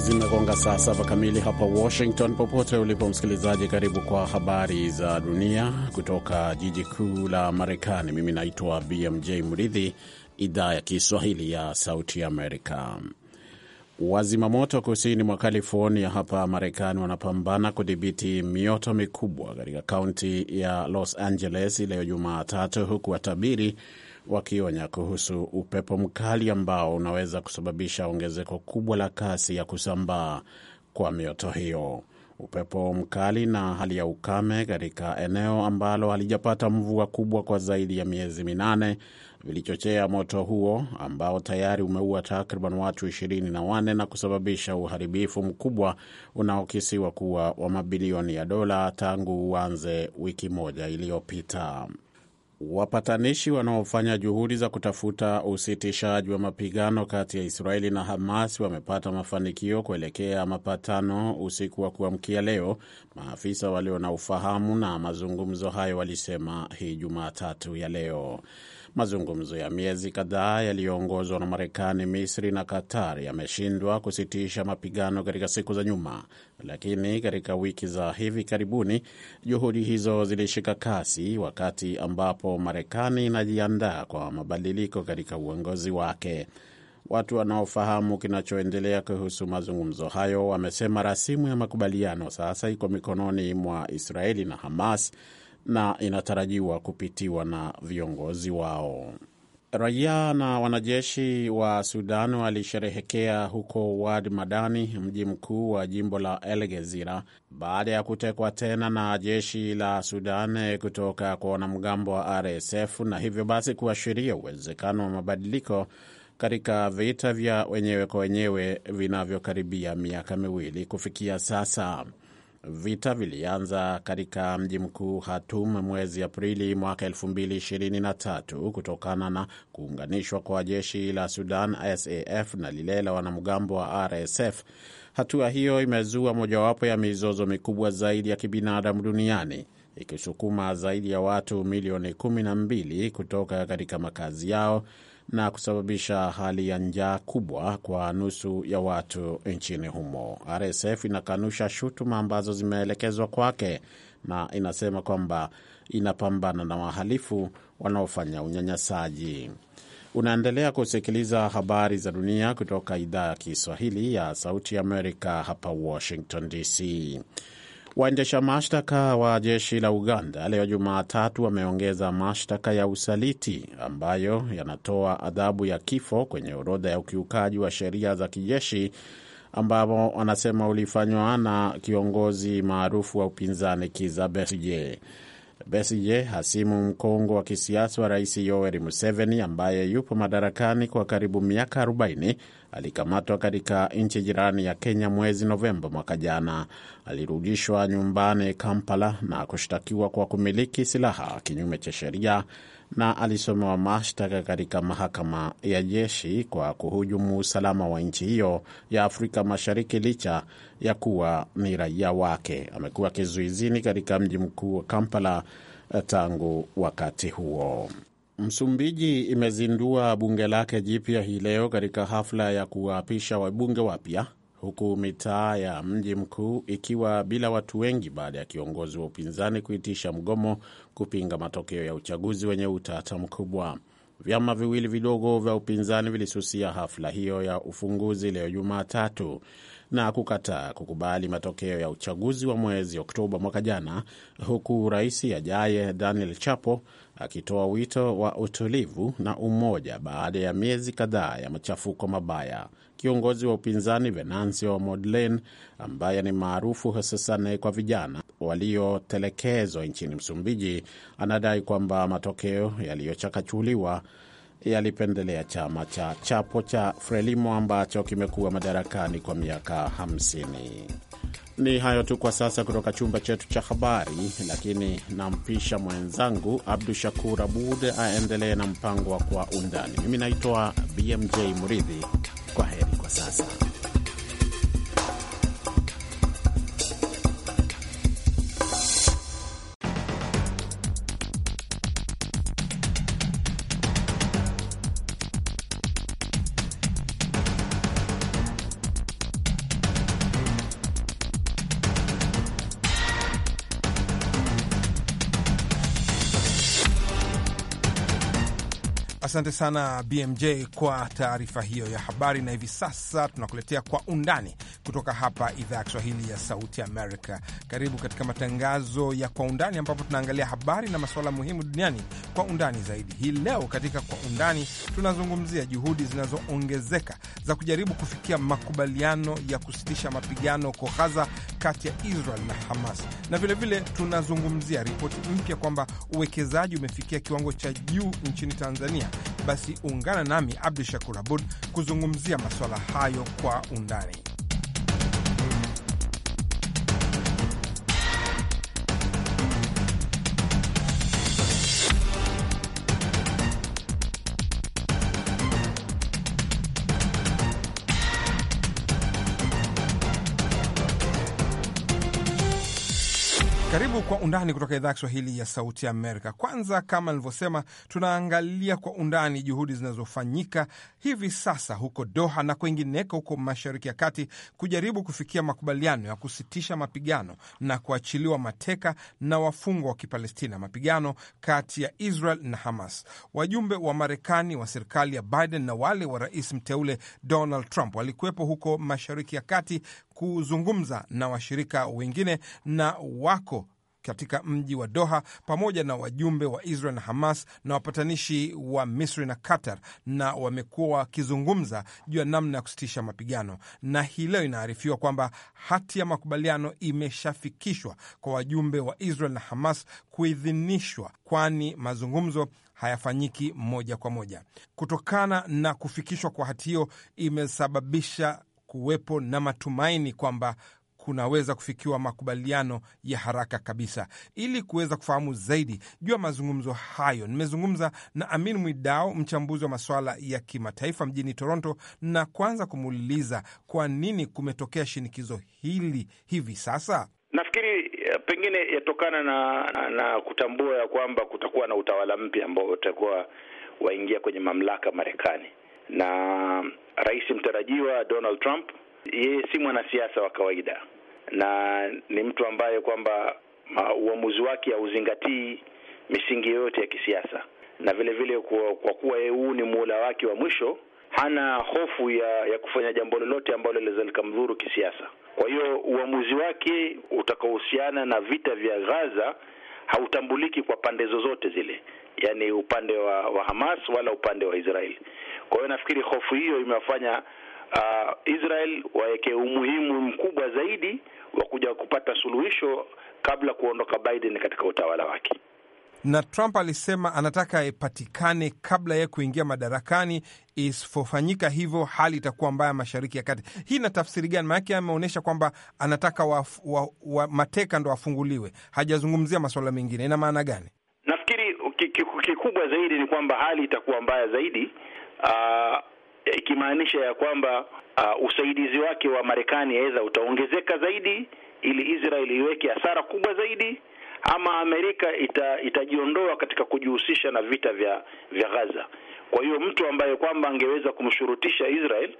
zimegonga saa saba kamili hapa Washington. Popote ulipo msikilizaji, karibu kwa habari za dunia kutoka jiji kuu la Marekani. Mimi naitwa BMJ Mridhi, idhaa ya Kiswahili ya Sauti Amerika. Wazimamoto kusini mwa California hapa Marekani wanapambana kudhibiti mioto mikubwa katika kaunti ya Los Angeles leo Jumatatu, huku watabiri wakionya kuhusu upepo mkali ambao unaweza kusababisha ongezeko kubwa la kasi ya kusambaa kwa mioto hiyo. Upepo mkali na hali ya ukame katika eneo ambalo halijapata mvua kubwa kwa zaidi ya miezi minane vilichochea moto huo ambao tayari umeua takriban watu ishirini na wanne na kusababisha uharibifu mkubwa unaokisiwa kuwa wa mabilioni ya dola tangu uanze wiki moja iliyopita. Wapatanishi wanaofanya juhudi za kutafuta usitishaji wa mapigano kati ya Israeli na Hamas wamepata mafanikio kuelekea mapatano usiku wa kuamkia leo, maafisa walio na ufahamu na mazungumzo hayo walisema hii Jumatatu ya leo. Mazungumzo ya miezi kadhaa yaliyoongozwa na Marekani, Misri na Qatar yameshindwa kusitisha mapigano katika siku za nyuma, lakini katika wiki za hivi karibuni juhudi hizo zilishika kasi, wakati ambapo Marekani inajiandaa kwa mabadiliko katika uongozi wake. Watu wanaofahamu kinachoendelea kuhusu mazungumzo hayo wamesema rasimu ya makubaliano sasa iko mikononi mwa Israeli na Hamas na inatarajiwa kupitiwa na viongozi wao. Raia na wanajeshi wa Sudan walisherehekea huko Wad Madani, mji mkuu wa jimbo la El Gezira, baada ya kutekwa tena na jeshi la Sudan kutoka kwa wanamgambo wa RSF, na hivyo basi kuashiria uwezekano wa mabadiliko katika vita vya wenyewe kwa wenyewe vinavyokaribia miaka miwili kufikia sasa. Vita vilianza katika mji mkuu Khartoum mwezi Aprili mwaka 2023 kutokana na kuunganishwa kwa jeshi la Sudan SAF na lile la wanamgambo wa RSF. Hatua hiyo imezua mojawapo ya mizozo mikubwa zaidi ya kibinadamu duniani ikisukuma zaidi ya watu milioni 12 kutoka katika makazi yao na kusababisha hali ya njaa kubwa kwa nusu ya watu nchini humo. RSF inakanusha shutuma ambazo zimeelekezwa kwake na inasema kwamba inapambana na wahalifu wanaofanya unyanyasaji. Unaendelea kusikiliza habari za dunia kutoka idhaa ya Kiswahili ya Sauti ya Amerika hapa Washington DC. Waendesha mashtaka wa jeshi la Uganda leo Jumatatu wameongeza mashtaka ya usaliti ambayo yanatoa adhabu ya kifo kwenye orodha ya ukiukaji wa sheria za kijeshi ambao wanasema ulifanywa na kiongozi maarufu wa upinzani Kizza Besigye. Besigye, hasimu mkongwe wa kisiasa wa rais Yoweri Museveni ambaye yupo madarakani kwa karibu miaka 40, alikamatwa katika nchi jirani ya Kenya mwezi Novemba mwaka jana. Alirudishwa nyumbani Kampala na kushtakiwa kwa kumiliki silaha kinyume cha sheria na alisomewa mashtaka katika mahakama ya jeshi kwa kuhujumu usalama wa nchi hiyo ya Afrika Mashariki licha ya kuwa ni raia wake. Amekuwa kizuizini katika mji mkuu wa Kampala eh, tangu wakati huo. Msumbiji imezindua bunge lake jipya hii leo katika hafla ya kuwaapisha wabunge wapya huku mitaa ya mji mkuu ikiwa bila watu wengi baada ya kiongozi wa upinzani kuitisha mgomo kupinga matokeo ya uchaguzi wenye utata mkubwa. Vyama viwili vidogo vya upinzani vilisusia hafla hiyo ya ufunguzi leo Jumatatu na kukataa kukubali matokeo ya uchaguzi wa mwezi Oktoba mwaka jana, huku rais ajaye Daniel Chapo akitoa wito wa utulivu na umoja baada ya miezi kadhaa ya machafuko mabaya. Kiongozi wa upinzani Venancio Modlane ambaye ni maarufu hususan kwa vijana waliotelekezwa nchini Msumbiji anadai kwamba matokeo yaliyochakachuliwa yalipendelea chama cha Chapo cha Frelimo ambacho kimekuwa madarakani kwa miaka 50. Ni hayo tu kwa sasa kutoka chumba chetu cha habari, lakini nampisha mwenzangu Abdu Shakur Abud aendelee na mpango wa Kwa Undani. Mimi naitwa BMJ Muridhi. Kwa heri kwa sasa. Asante sana BMJ kwa taarifa hiyo ya habari, na hivi sasa tunakuletea kwa undani kutoka hapa idhaa ya Kiswahili ya Sauti Amerika. Karibu katika matangazo ya kwa undani, ambapo tunaangalia habari na masuala muhimu duniani kwa undani zaidi. Hii leo katika kwa undani tunazungumzia juhudi zinazoongezeka za kujaribu kufikia makubaliano ya kusitisha mapigano huko Gaza kati ya Israel na Hamas, na vilevile vile tunazungumzia ripoti mpya kwamba uwekezaji umefikia kiwango cha juu nchini Tanzania basi ungana nami Abdu Shakur Abud kuzungumzia masuala hayo kwa undani. Kwa Undani kutoka idhaa ya Kiswahili ya Sauti Amerika. Kwanza, kama nilivyosema, tunaangalia kwa undani juhudi zinazofanyika hivi sasa huko Doha na kwengineko huko Mashariki ya Kati kujaribu kufikia makubaliano ya kusitisha mapigano na kuachiliwa mateka na wafungwa wa Kipalestina, mapigano kati ya Israel na Hamas. Wajumbe wa Marekani wa serikali ya Biden na wale wa rais mteule Donald Trump walikuwepo huko Mashariki ya Kati kuzungumza na washirika wengine na wako katika mji wa Doha pamoja na wajumbe wa Israel na Hamas na wapatanishi wa Misri na Qatar, na wamekuwa wakizungumza juu ya namna ya kusitisha mapigano, na hii leo inaarifiwa kwamba hati ya makubaliano imeshafikishwa kwa wajumbe wa Israel na Hamas kuidhinishwa, kwani mazungumzo hayafanyiki moja kwa moja. Kutokana na kufikishwa kwa hati hiyo, imesababisha kuwepo na matumaini kwamba kunaweza kufikiwa makubaliano ya haraka kabisa. Ili kuweza kufahamu zaidi juu ya mazungumzo hayo, nimezungumza na Amin Mwidao, mchambuzi wa masuala ya kimataifa mjini Toronto, na kwanza kumuuliza kwa nini kumetokea shinikizo hili hivi sasa. Nafikiri eh, pengine yatokana na, na, na kutambua ya kwamba kutakuwa na utawala mpya ambao utakuwa waingia kwenye mamlaka Marekani na rais mtarajiwa Donald Trump yeye si mwanasiasa wa kawaida na ni mtu ambaye kwamba uamuzi wake hauzingatii misingi yoyote ya kisiasa, na vile vile kwa, kwa kuwa yeye huu ni muhula wake wa mwisho, hana hofu ya, ya kufanya jambo lolote ambalo linaweza likamdhuru kisiasa. Kwa hiyo uamuzi wake utakaohusiana na vita vya Gaza hautambuliki kwa pande zozote zile, yani upande wa, wa Hamas wala upande wa Israeli. Kwa hiyo nafikiri hofu hiyo imewafanya uh, Israel waweke umuhimu mkubwa zaidi wa kuja kupata suluhisho kabla kuondoka Biden katika utawala wake. Na Trump alisema anataka ipatikane kabla ya kuingia madarakani. Isipofanyika hivyo, hali itakuwa mbaya mashariki ya kati. Hii ina tafsiri gani? Maanake ameonyesha kwamba anataka wa, wa, wa mateka ndo afunguliwe, hajazungumzia masuala mengine. Ina maana gani? Nafikiri kikubwa zaidi ni kwamba hali itakuwa mbaya zaidi. Uh, ikimaanisha ya kwamba uh, usaidizi wake wa Marekani aidha utaongezeka zaidi ili Israel iweke hasara kubwa zaidi ama Amerika ita, itajiondoa katika kujihusisha na vita vya vya Gaza. Kwa hiyo mtu ambaye kwamba angeweza kumshurutisha Israel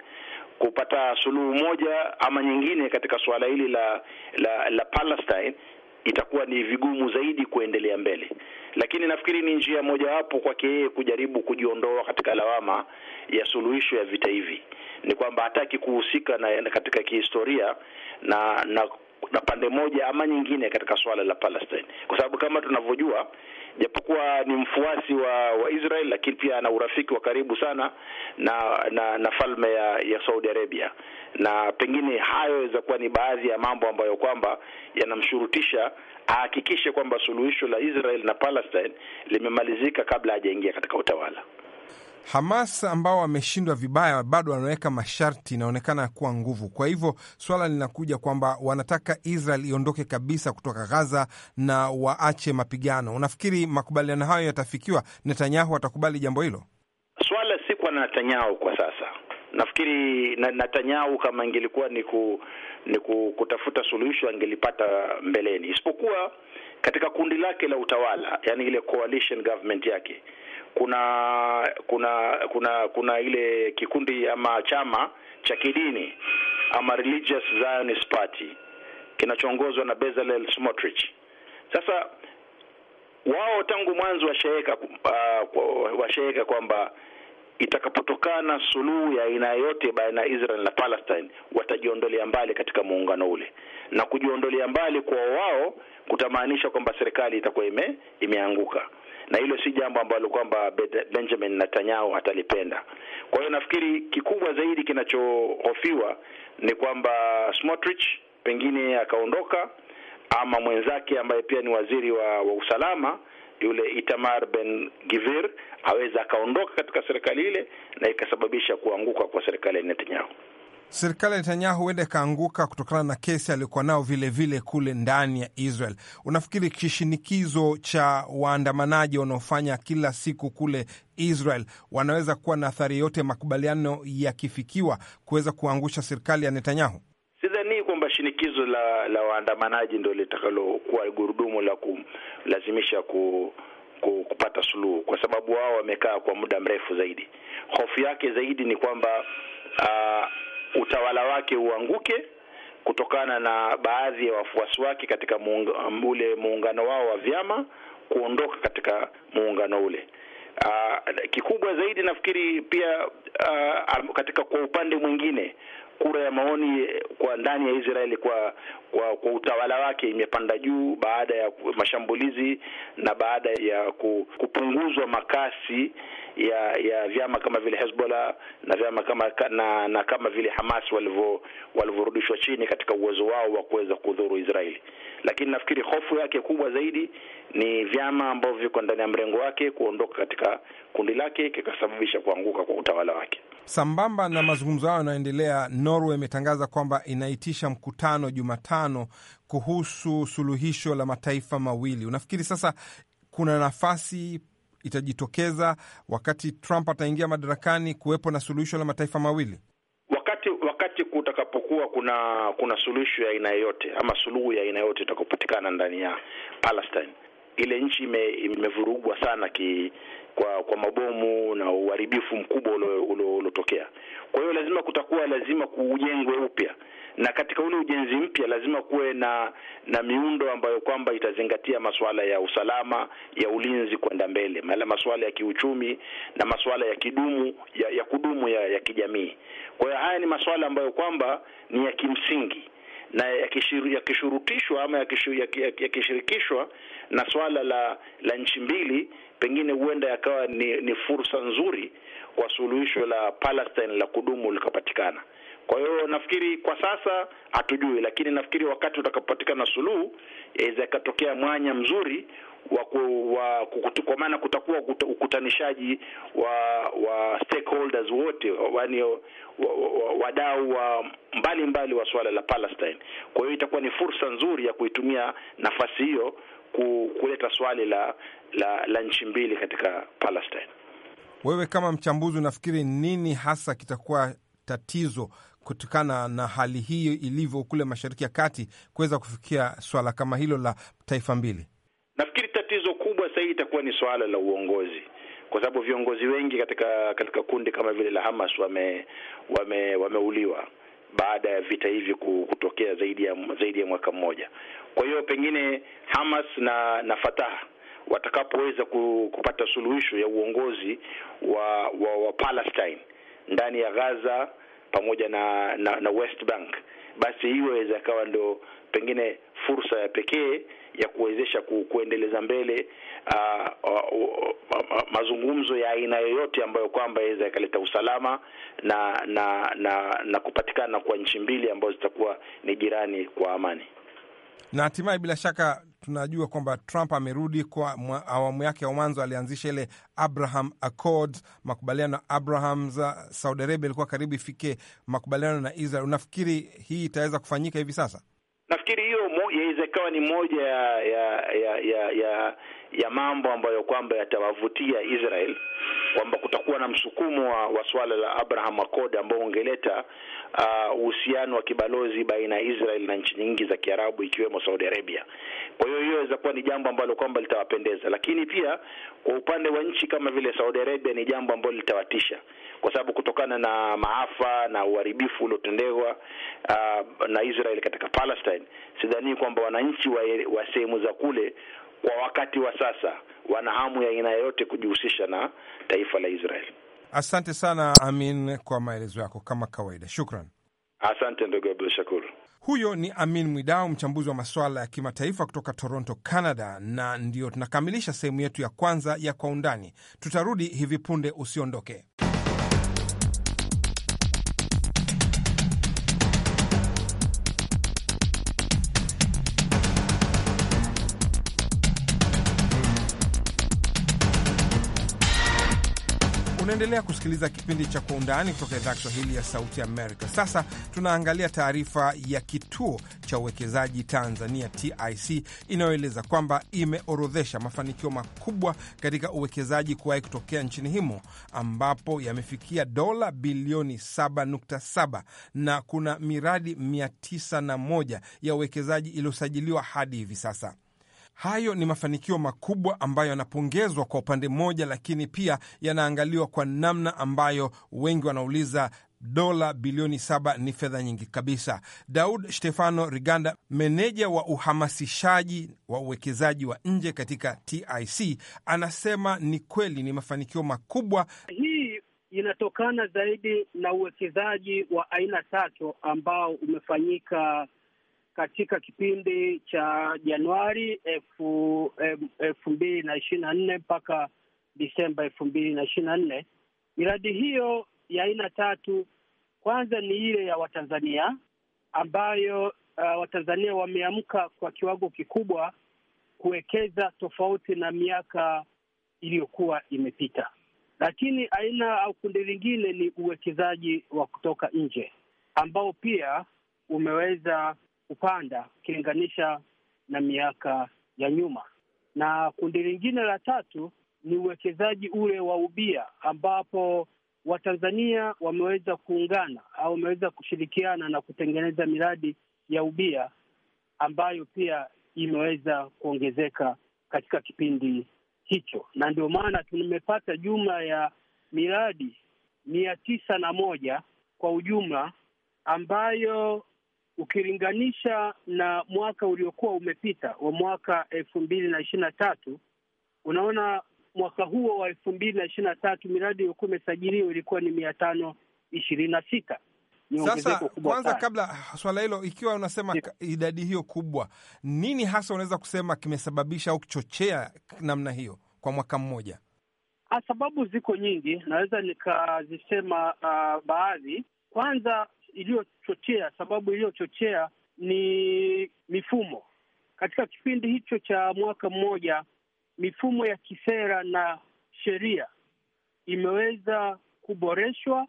kupata suluhu moja ama nyingine katika suala hili la la, la Palestine itakuwa ni vigumu zaidi kuendelea mbele, lakini nafikiri ni njia mojawapo kwake yeye kujaribu kujiondoa katika lawama ya suluhisho ya vita hivi, ni kwamba hataki kuhusika na katika kihistoria na na na pande moja ama nyingine katika swala la Palestine, kwa sababu kama tunavyojua japokuwa ni mfuasi wa, wa Israel lakini pia ana urafiki wa karibu sana na na, na falme ya, ya Saudi Arabia, na pengine hayo yaweza kuwa ni baadhi ya mambo ambayo kwamba yanamshurutisha ahakikishe kwamba suluhisho la Israel na Palestine limemalizika kabla hajaingia katika utawala. Hamas ambao wameshindwa vibaya bado wanaweka masharti, inaonekana kuwa nguvu. Kwa hivyo swala linakuja kwamba wanataka Israel iondoke kabisa kutoka Gaza na waache mapigano. Unafikiri makubaliano hayo yatafikiwa? Netanyahu atakubali jambo hilo? Swala si kwa Netanyahu kwa sasa. Nafikiri Netanyahu kama ingelikuwa ni ku, ni ku, kutafuta suluhisho angelipata mbeleni, isipokuwa katika kundi lake la utawala, yani ile coalition government yake kuna kuna kuna kuna ile kikundi ama chama cha kidini ama Religious Zionist Party kinachoongozwa na Bezalel Smotrich. Sasa wao tangu mwanzo washeeka uh, washaeka kwamba itakapotokana suluhu ya aina yote baina ya Israel na Palestine watajiondolea mbali katika muungano ule, na kujiondolea mbali kwa wao kutamaanisha kwamba serikali itakuwa ime- imeanguka na hilo si jambo ambalo kwamba Benjamin Netanyahu atalipenda. Kwa hiyo nafikiri kikubwa zaidi kinachohofiwa ni kwamba Smotrich pengine akaondoka ama mwenzake ambaye pia ni waziri wa, wa usalama yule Itamar Ben Gvir aweza akaondoka katika serikali ile na ikasababisha kuanguka kwa serikali ya Netanyahu serikali ya Netanyahu huenda ikaanguka kutokana na kesi aliyokuwa nao vilevile vile kule ndani ya Israel. Unafikiri kishinikizo cha waandamanaji wanaofanya kila siku kule Israel wanaweza kuwa na athari yote, makubaliano yakifikiwa, kuweza kuangusha serikali ya Netanyahu? sidhanii kwamba shinikizo la la waandamanaji ndio litakalokuwa gurudumu la kulazimisha ku kupata suluhu, kwa sababu wao wamekaa kwa muda mrefu zaidi. Hofu yake zaidi ni kwamba uh, utawala wake uanguke kutokana na baadhi ya wafuasi wake katika muunga, um, ule muungano wao wa vyama kuondoka katika muungano ule. Aa, ah, kikubwa zaidi nafikiri pia aa, ah, katika kwa upande mwingine kura ya maoni eh, kwa ndani ya Israeli kwa kwa, kwa utawala wake imepanda juu baada ya mashambulizi na baada ya kupunguzwa makasi ya ya vyama kama vile Hezbollah na vyama kama na, na kama vile Hamas walivyo walivyorudishwa chini katika uwezo wao wa kuweza kudhuru Israeli. Lakini nafikiri hofu yake kubwa zaidi ni vyama ambavyo viko ndani ya mrengo wake kuondoka katika kundi lake kikasababisha kuanguka kwa utawala wake. Sambamba na mazungumzo hayo yanayoendelea, Norway imetangaza kwamba inaitisha mkutano Jumatano kuhusu suluhisho la mataifa mawili. Unafikiri sasa kuna nafasi itajitokeza wakati Trump ataingia madarakani kuwepo na suluhisho la mataifa mawili? Wakati kutakapokuwa kuna kuna suluhisho ya aina yoyote ama suluhu ya aina yoyote itakapopatikana ndani ya Palestine, ile nchi imevurugwa sana ki kwa kwa mabomu na uharibifu mkubwa uliotokea. Kwa hiyo lazima kutakuwa lazima kujengwe upya, na katika ule ujenzi mpya lazima kuwe na na miundo ambayo kwamba itazingatia masuala ya usalama, ya ulinzi kwenda mbele, mala masuala ya kiuchumi na masuala ya kidumu ya, ya kudumu ya, ya kijamii. Kwa hiyo haya ni masuala ambayo kwamba ni ya kimsingi na yakishurutishwa ama yakishirikishwa na swala la la nchi mbili pengine huenda yakawa ni, ni fursa nzuri kwa suluhisho la Palestine la kudumu likapatikana. Kwa hiyo nafikiri kwa sasa hatujui, lakini nafikiri wakati utakapopatikana suluhu iweza ikatokea mwanya mzuri wa kwa maana kutakuwa ukutanishaji wa wa stakeholders wote, yaani wadau wa mbalimbali wa, wa, wa, wa, wa, wa, wa, wa swala la Palestine. Kwa hiyo itakuwa ni fursa nzuri ya kuitumia nafasi hiyo kuleta swali la, la, la nchi mbili katika Palestine. Wewe kama mchambuzi, unafikiri nini hasa kitakuwa tatizo kutokana na hali hii ilivyo kule Mashariki ya Kati kuweza kufikia swala kama hilo la taifa mbili? Nafikiri tatizo kubwa sasa hivi itakuwa ni swala la uongozi kwa sababu viongozi wengi katika katika kundi kama vile la Hamas wame, wame, wameuliwa baada ya vita hivi kutokea zaidi ya zaidi ya mwaka mmoja. Kwa hiyo pengine Hamas na na Fatah watakapoweza kupata suluhisho ya uongozi wa, wa, wa Palestine ndani ya Gaza pamoja na, na, na West Bank basi hiyo inaweza ikawa ndo pengine fursa ya pekee ya kuwezesha ku, kuendeleza mbele uh, uh, uh, uh, mazungumzo ya aina yoyote ambayo kwamba yaweza yakaleta usalama na na na, na kupatikana kwa nchi mbili ambazo zitakuwa ni jirani kwa amani. Na hatimaye bila shaka tunajua kwamba Trump amerudi kwa awamu yake ya mwanzo. Alianzisha ile Abraham Accords, makubaliano ya Abrahams. Saudi Arabia ilikuwa karibu ifike makubaliano na Israel. Unafikiri hii itaweza kufanyika hivi sasa? Nafikiri hiyo yaweza ikawa ni moja ya ya ya ya, ya, ya mambo ambayo kwamba yatawavutia Israel kwamba kutakuwa na msukumo wa, wa swala la Abraham Accord ambao ungeleta uh, uhusiano wa kibalozi baina ya Israel na nchi nyingi za Kiarabu ikiwemo Saudi Arabia. Kwa hiyo hiyo inaweza kuwa ni jambo ambalo kwamba litawapendeza, lakini pia kwa upande wa nchi kama vile Saudi Arabia ni jambo ambalo litawatisha kwa sababu kutokana na maafa na uharibifu uliotendewa uh, na Israel katika Palestine, sidhani kwamba wananchi wa, wa sehemu za kule kwa wakati wa sasa wana hamu ya aina yoyote kujihusisha na taifa la israel Asante sana Amin kwa maelezo yako kama kawaida, shukran. Asante ndugu Abdul Shakur. Huyo ni Amin Mwidau, mchambuzi wa masuala ya kimataifa kutoka Toronto, Canada. Na ndiyo tunakamilisha sehemu yetu ya kwanza ya Kwa Undani. Tutarudi hivi punde, usiondoke. Unaendelea kusikiliza kipindi cha Kwa Undani kutoka idhaa Kiswahili ya Sauti Amerika. Sasa tunaangalia taarifa ya Kituo cha Uwekezaji Tanzania TIC inayoeleza kwamba imeorodhesha mafanikio makubwa katika uwekezaji kuwahi kutokea nchini humo ambapo yamefikia dola bilioni 7.7 na kuna miradi 901 ya uwekezaji iliyosajiliwa hadi hivi sasa. Hayo ni mafanikio makubwa ambayo yanapongezwa kwa upande mmoja, lakini pia yanaangaliwa kwa namna ambayo wengi wanauliza dola bilioni saba ni fedha nyingi kabisa. Daud Stefano Riganda, meneja wa uhamasishaji wa uwekezaji wa nje katika TIC, anasema ni kweli ni mafanikio makubwa. Hii inatokana zaidi na uwekezaji wa aina tatu ambao umefanyika katika kipindi cha Januari elfu elfu mbili na ishirini na nne mpaka Disemba elfu mbili na ishirini na nne. Miradi hiyo ya aina tatu, kwanza ni ile ya Watanzania ambayo uh, Watanzania wameamka kwa kiwango kikubwa kuwekeza tofauti na miaka iliyokuwa imepita. Lakini aina au kundi lingine ni uwekezaji wa kutoka nje ambao pia umeweza kupanda ukilinganisha na miaka ya nyuma. Na kundi lingine la tatu ni uwekezaji ule wa ubia, ambapo Watanzania wameweza kuungana au wameweza kushirikiana na kutengeneza miradi ya ubia ambayo pia imeweza kuongezeka katika kipindi hicho, na ndio maana tumepata jumla ya miradi mia tisa na moja kwa ujumla ambayo ukilinganisha na mwaka uliokuwa umepita wa mwaka elfu mbili na ishirini na tatu unaona mwaka huo wa elfu mbili na ishirini na tatu miradi iliyokuwa imesajiliwa ilikuwa ni mia tano ishirini na sita. Sasa kwanza Kabla swala hilo, ikiwa unasema yeah, idadi hiyo kubwa, nini hasa unaweza kusema kimesababisha au kuchochea namna hiyo kwa mwaka mmoja? Ah, sababu ziko nyingi, naweza nikazisema uh, baadhi. Kwanza iliyochochea, sababu iliyochochea ni mifumo. Katika kipindi hicho cha mwaka mmoja, mifumo ya kisera na sheria imeweza kuboreshwa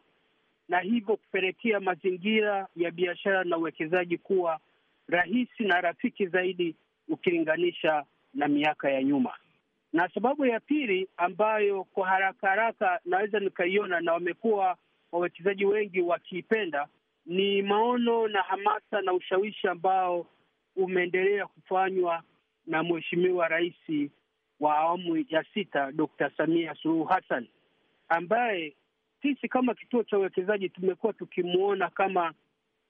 na hivyo kupelekea mazingira ya biashara na uwekezaji kuwa rahisi na rafiki zaidi ukilinganisha na miaka ya nyuma. Na sababu ya pili ambayo kwa haraka haraka naweza nikaiona na wamekuwa wawekezaji wengi wakiipenda ni maono na hamasa na ushawishi ambao umeendelea kufanywa na Mheshimiwa Rais wa awamu ya sita Dr. Samia Suluhu Hassan ambaye sisi kama kituo cha uwekezaji tumekuwa tukimwona kama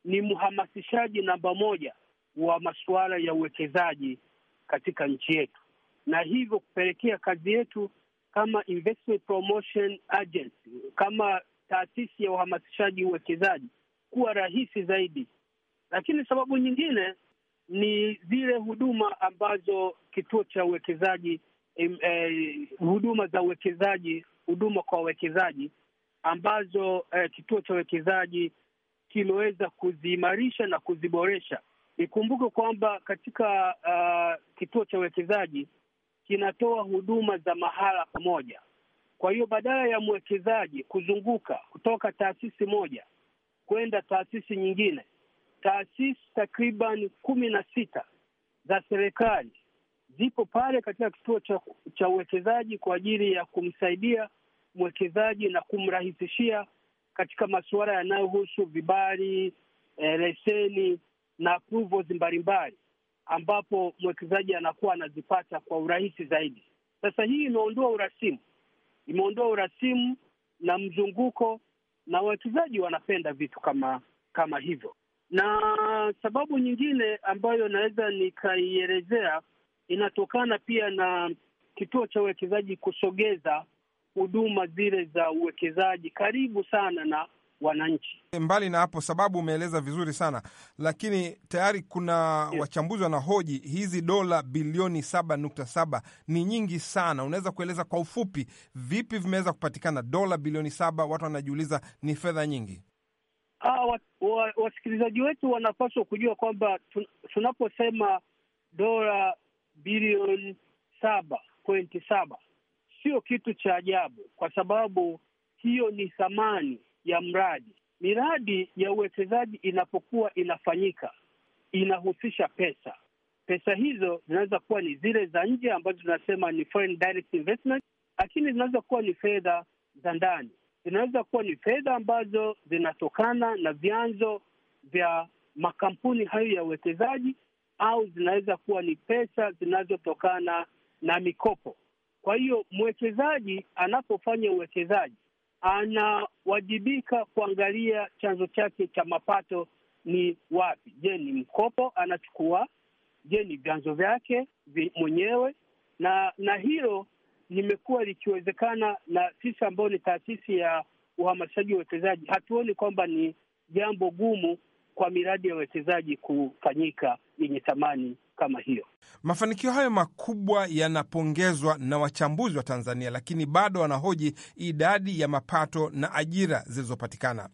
ni mhamasishaji namba moja wa masuala ya uwekezaji katika nchi yetu, na hivyo kupelekea kazi yetu kama Investment Promotion Agency, kama taasisi ya uhamasishaji uwekezaji kuwa rahisi zaidi, lakini sababu nyingine ni zile huduma ambazo kituo cha uwekezaji eh, huduma za uwekezaji, huduma kwa wawekezaji ambazo eh, kituo cha uwekezaji kimeweza kuziimarisha na kuziboresha. ikumbuke kwamba katika uh, kituo cha uwekezaji kinatoa huduma za mahala pamoja. Kwa hiyo badala ya mwekezaji kuzunguka kutoka taasisi moja kwenda taasisi nyingine. Taasisi takriban kumi na sita za serikali zipo pale katika kituo cha, cha uwekezaji kwa ajili ya kumsaidia mwekezaji na kumrahisishia katika masuala yanayohusu vibali, e, leseni na approvals mbalimbali, ambapo mwekezaji anakuwa anazipata kwa urahisi zaidi. Sasa hii imeondoa urasimu, imeondoa urasimu na mzunguko na wawekezaji wanapenda vitu kama kama hivyo. Na sababu nyingine ambayo naweza nikaielezea inatokana pia na kituo cha uwekezaji kusogeza huduma zile za uwekezaji karibu sana na wananchi. Mbali na hapo, sababu umeeleza vizuri sana, lakini tayari kuna yes. wachambuzi wanahoji hizi dola bilioni saba nukta saba ni nyingi sana. Unaweza kueleza kwa ufupi vipi vimeweza kupatikana dola bilioni saba? Watu wanajiuliza ni fedha nyingi. Ah, wasikilizaji wa, wa wetu wanapaswa kujua kwamba tun, tunaposema dola bilioni saba pointi saba sio kitu cha ajabu, kwa sababu hiyo ni thamani ya mradi. Miradi ya uwekezaji inapokuwa inafanyika inahusisha pesa. Pesa hizo zinaweza kuwa ni zile za nje ambazo tunasema ni foreign direct investment, lakini zinaweza kuwa ni fedha za ndani, zinaweza kuwa ni fedha ambazo zinatokana na vyanzo vya makampuni hayo ya uwekezaji, au zinaweza kuwa ni pesa zinazotokana na mikopo. Kwa hiyo mwekezaji anapofanya uwekezaji anawajibika kuangalia chanzo chake cha mapato ni wapi. Je, ni mkopo anachukua? Je, ni vyanzo vyake mwenyewe? Na na hilo limekuwa likiwezekana, na sisi ambao ni taasisi ya uhamasishaji wa uwekezaji hatuoni kwamba ni jambo gumu kwa miradi ya uwekezaji kufanyika yenye thamani kama hiyo. Mafanikio hayo makubwa yanapongezwa na wachambuzi wa Tanzania, lakini bado wanahoji idadi ya mapato na ajira zilizopatikana.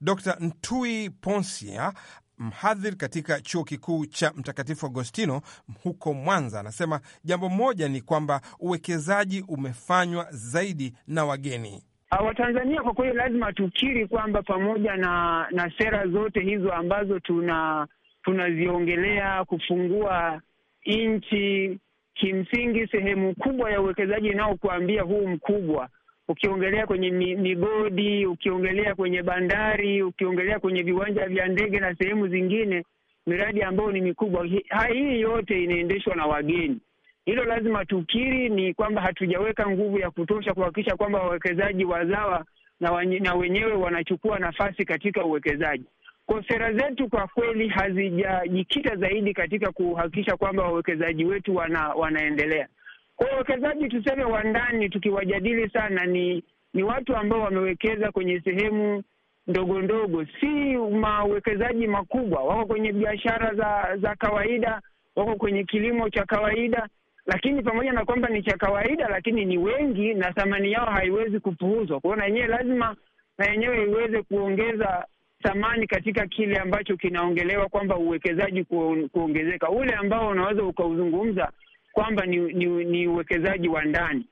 Dr. Ntui Ponsia mhadhiri katika chuo kikuu cha Mtakatifu Agostino huko Mwanza anasema jambo moja ni kwamba uwekezaji umefanywa zaidi na wageni. Ah, Watanzania kwa kweli lazima tukiri kwamba pamoja na na sera zote hizo ambazo tuna tunaziongelea kufungua nchi, kimsingi sehemu kubwa ya uwekezaji inayokuambia huu mkubwa, ukiongelea kwenye migodi, ukiongelea kwenye bandari, ukiongelea kwenye viwanja vya ndege na sehemu zingine, miradi ambayo ni mikubwa, hii yote inaendeshwa na wageni hilo lazima tukiri, ni kwamba hatujaweka nguvu ya kutosha kuhakikisha kwamba wawekezaji wazawa na, wanye, na wenyewe wanachukua nafasi katika uwekezaji. Kwa sera zetu kwa kweli hazijajikita zaidi katika kuhakikisha kwamba wawekezaji wetu wana, wanaendelea. Kwa wawekezaji tuseme wa ndani, tukiwajadili sana ni ni watu ambao wamewekeza kwenye sehemu ndogo ndogo, si mawekezaji makubwa. Wako kwenye biashara za za kawaida, wako kwenye kilimo cha kawaida, lakini pamoja na kwamba ni cha kawaida, lakini ni wengi na thamani yao haiwezi kupuuzwa. Kwa hiyo na yenyewe lazima na yenyewe iweze kuongeza thamani katika kile ambacho kinaongelewa kwamba uwekezaji kuongezeka, ule ambao unaweza ukauzungumza kwamba ni, ni, ni uwekezaji wa ndani,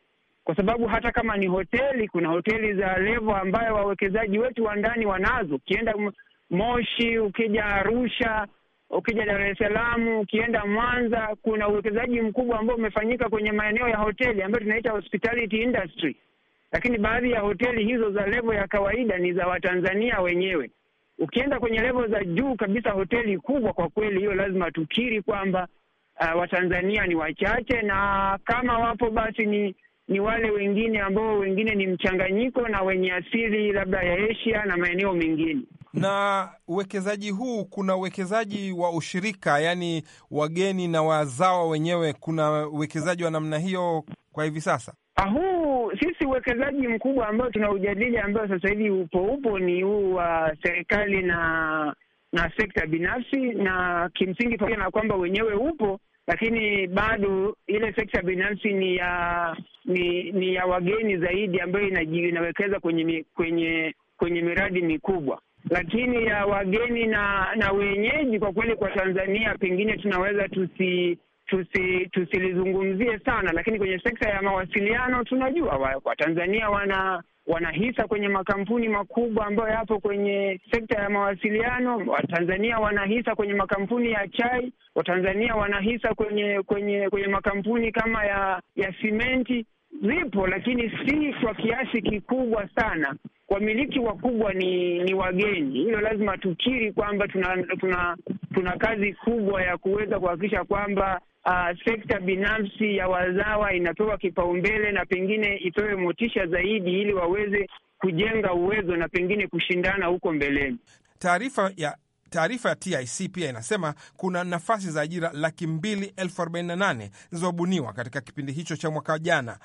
kwa sababu hata kama ni hoteli, kuna hoteli za levo ambayo wawekezaji wetu wa ndani wanazo. Ukienda Moshi, ukija Arusha, Ukija Dar es Salaam, ukienda Mwanza, kuna uwekezaji mkubwa ambao umefanyika kwenye maeneo ya hoteli ambayo tunaita hospitality industry, lakini baadhi ya hoteli hizo za levo ya kawaida ni za Watanzania wenyewe. Ukienda kwenye levo za juu kabisa, hoteli kubwa, kwa kweli hiyo lazima tukiri kwamba uh, Watanzania ni wachache, na kama wapo basi ni ni wale wengine ambao wengine ni mchanganyiko na wenye asili labda ya Asia na maeneo mengine. Na uwekezaji huu, kuna uwekezaji wa ushirika, yaani wageni na wazawa wenyewe, kuna uwekezaji wa namna hiyo kwa hivi sasa ah, huu sisi uwekezaji mkubwa ambao tunaujadili ambao sasa hivi upo upo ni huu wa uh, serikali na na sekta binafsi, na kimsingi pamoja na kwamba wenyewe upo, lakini bado ile sekta binafsi ni ya ni, ni ya wageni zaidi ambayo inawekeza kwenye kwenye kwenye miradi mikubwa lakini ya wageni na na wenyeji, kwa kweli, kwa Tanzania pengine tunaweza tusi tusi tusilizungumzie sana, lakini kwenye sekta ya mawasiliano tunajua wa, Watanzania wana wanahisa kwenye makampuni makubwa ambayo yapo kwenye sekta ya mawasiliano. Watanzania wanahisa kwenye makampuni ya chai, Watanzania wanahisa kwenye kwenye kwenye makampuni kama ya ya simenti. Zipo lakini si kwa kiasi kikubwa sana. Wamiliki wakubwa ni ni wageni, hilo lazima tukiri kwamba tuna, tuna, tuna kazi kubwa ya kuweza kuhakikisha kwamba uh, sekta binafsi ya wazawa inapewa kipaumbele na pengine itoe motisha zaidi ili waweze kujenga uwezo na pengine kushindana huko mbeleni. Taarifa ya Taarifa ya TIC pia inasema kuna nafasi za ajira laki mbili elfu arobaini na nane zilizobuniwa katika kipindi hicho cha mwaka jana,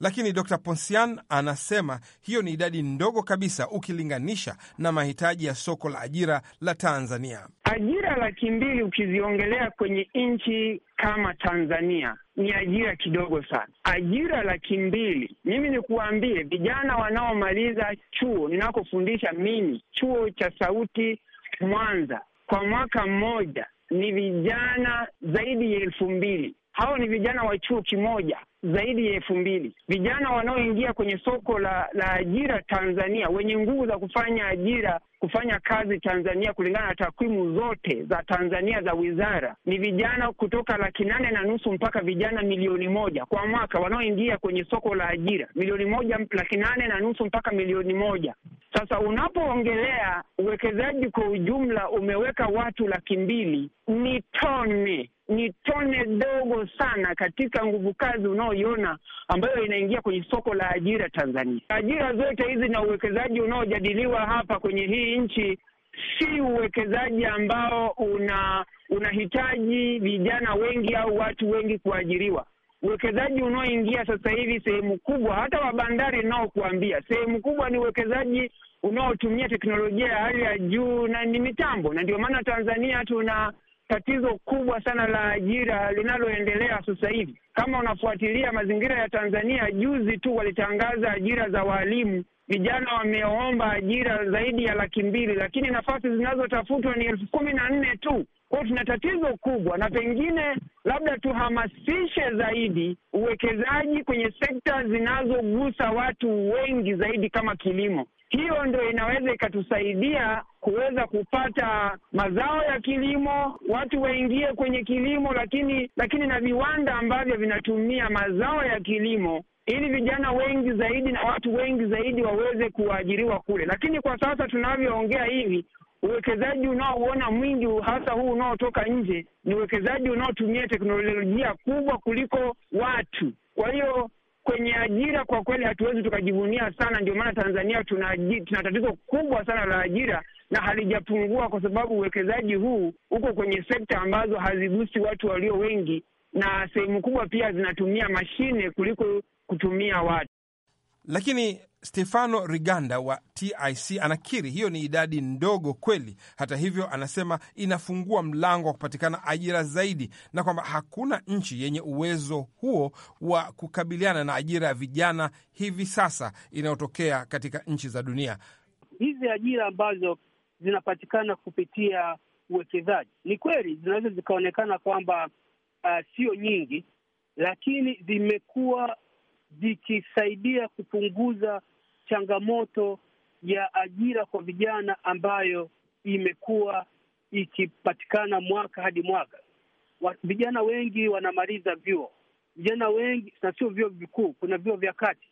lakini Dr Ponsian anasema hiyo ni idadi ndogo kabisa ukilinganisha na mahitaji ya soko la ajira la Tanzania. Ajira laki mbili ukiziongelea kwenye nchi kama Tanzania ni ajira kidogo sana. Ajira laki mbili, mimi nikuambie, vijana wanaomaliza chuo ninakofundisha mimi, chuo cha Sauti Mwanza kwa mwaka mmoja ni vijana zaidi ya elfu mbili. Hao ni vijana wa chuo kimoja zaidi ya elfu mbili vijana wanaoingia kwenye soko la la ajira Tanzania, wenye nguvu za kufanya ajira kufanya kazi Tanzania, kulingana na takwimu zote za Tanzania za wizara, ni vijana kutoka laki nane na nusu mpaka vijana milioni moja kwa mwaka wanaoingia kwenye soko la ajira, milioni moja laki nane na nusu mpaka milioni moja sasa unapoongelea uwekezaji kwa ujumla, umeweka watu laki mbili, ni tone ni tone dogo sana katika nguvu kazi unaoiona ambayo inaingia kwenye soko la ajira Tanzania. Ajira zote hizi na uwekezaji unaojadiliwa hapa kwenye hii nchi si uwekezaji ambao una unahitaji vijana wengi au watu wengi kuajiriwa uwekezaji unaoingia sasa hivi sehemu kubwa, hata wa bandari naokuambia, sehemu kubwa ni uwekezaji unaotumia teknolojia ya hali ya juu na ni mitambo, na ndio maana Tanzania tuna tatizo kubwa sana la ajira linaloendelea sasa hivi. Kama unafuatilia mazingira ya Tanzania, juzi tu walitangaza ajira za waalimu, vijana wameomba ajira zaidi ya laki mbili, lakini nafasi zinazotafutwa ni elfu kumi na nne tu kwao tuna tatizo kubwa, na pengine labda tuhamasishe zaidi uwekezaji kwenye sekta zinazogusa watu wengi zaidi kama kilimo. Hiyo ndo inaweza ikatusaidia kuweza kupata mazao ya kilimo, watu waingie kwenye kilimo, lakini lakini na viwanda ambavyo vinatumia mazao ya kilimo ili vijana wengi zaidi na watu wengi zaidi waweze kuajiriwa kule. Lakini kwa sasa tunavyoongea hivi, uwekezaji unaouona mwingi hasa huu unaotoka nje ni uwekezaji unaotumia teknolojia kubwa kuliko watu. Kwa hiyo kwenye ajira kwa kweli hatuwezi tukajivunia sana. Ndio maana Tanzania tuna, tuna tatizo kubwa sana la ajira na halijapungua, kwa sababu uwekezaji huu uko kwenye sekta ambazo hazigusi watu walio wengi, na sehemu kubwa pia zinatumia mashine kuliko kutumia watu. Lakini Stefano Riganda wa TIC anakiri hiyo ni idadi ndogo kweli. Hata hivyo, anasema inafungua mlango wa kupatikana ajira zaidi na kwamba hakuna nchi yenye uwezo huo wa kukabiliana na ajira ya vijana hivi sasa inayotokea katika nchi za dunia. Hizi ajira ambazo zinapatikana kupitia uwekezaji, ni kweli zinaweza zikaonekana kwamba uh, sio nyingi, lakini zimekuwa zikisaidia kupunguza changamoto ya ajira kwa vijana ambayo imekuwa ikipatikana mwaka hadi mwaka. Vijana wengi wanamaliza vyuo, vijana wengi na sio vyuo vikuu, kuna vyuo vya kati,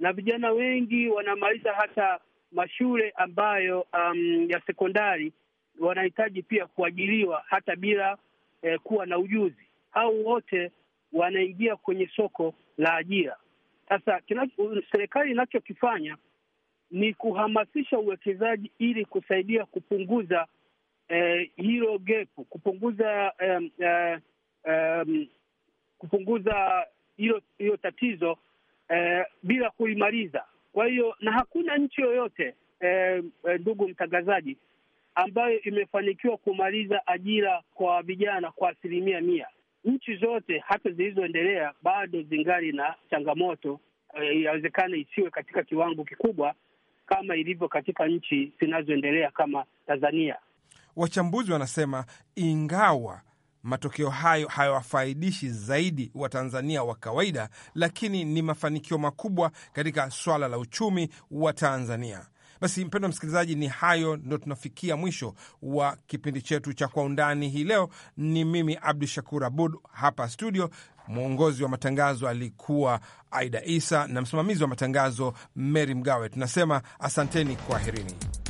na vijana wengi wanamaliza hata mashule ambayo um, ya sekondari. Wanahitaji pia kuajiriwa hata bila eh, kuwa na ujuzi. Hao wote wanaingia kwenye soko la ajira. Sasa serikali inachokifanya ni kuhamasisha uwekezaji ili kusaidia kupunguza eh, hilo gepu, kupunguza eh, eh, eh, kupunguza hilo hilo tatizo eh, bila kuimaliza Kwa hiyo na hakuna nchi yoyote eh, ndugu mtangazaji, ambayo imefanikiwa kumaliza ajira kwa vijana kwa asilimia mia nchi zote hata zilizoendelea bado zingali na changamoto inawezekana eh, isiwe katika kiwango kikubwa kama ilivyo katika nchi zinazoendelea kama Tanzania. Wachambuzi wanasema ingawa matokeo hayo hayawafaidishi zaidi wa tanzania wa kawaida, lakini ni mafanikio makubwa katika swala la uchumi wa Tanzania. Basi mpendwa msikilizaji, ni hayo ndo tunafikia mwisho wa kipindi chetu cha Kwa Undani hii leo. Ni mimi Abdu Shakur Abud hapa studio. Mwongozi wa matangazo alikuwa Aida Isa na msimamizi wa matangazo Meri Mgawe. Tunasema asanteni, kwaherini.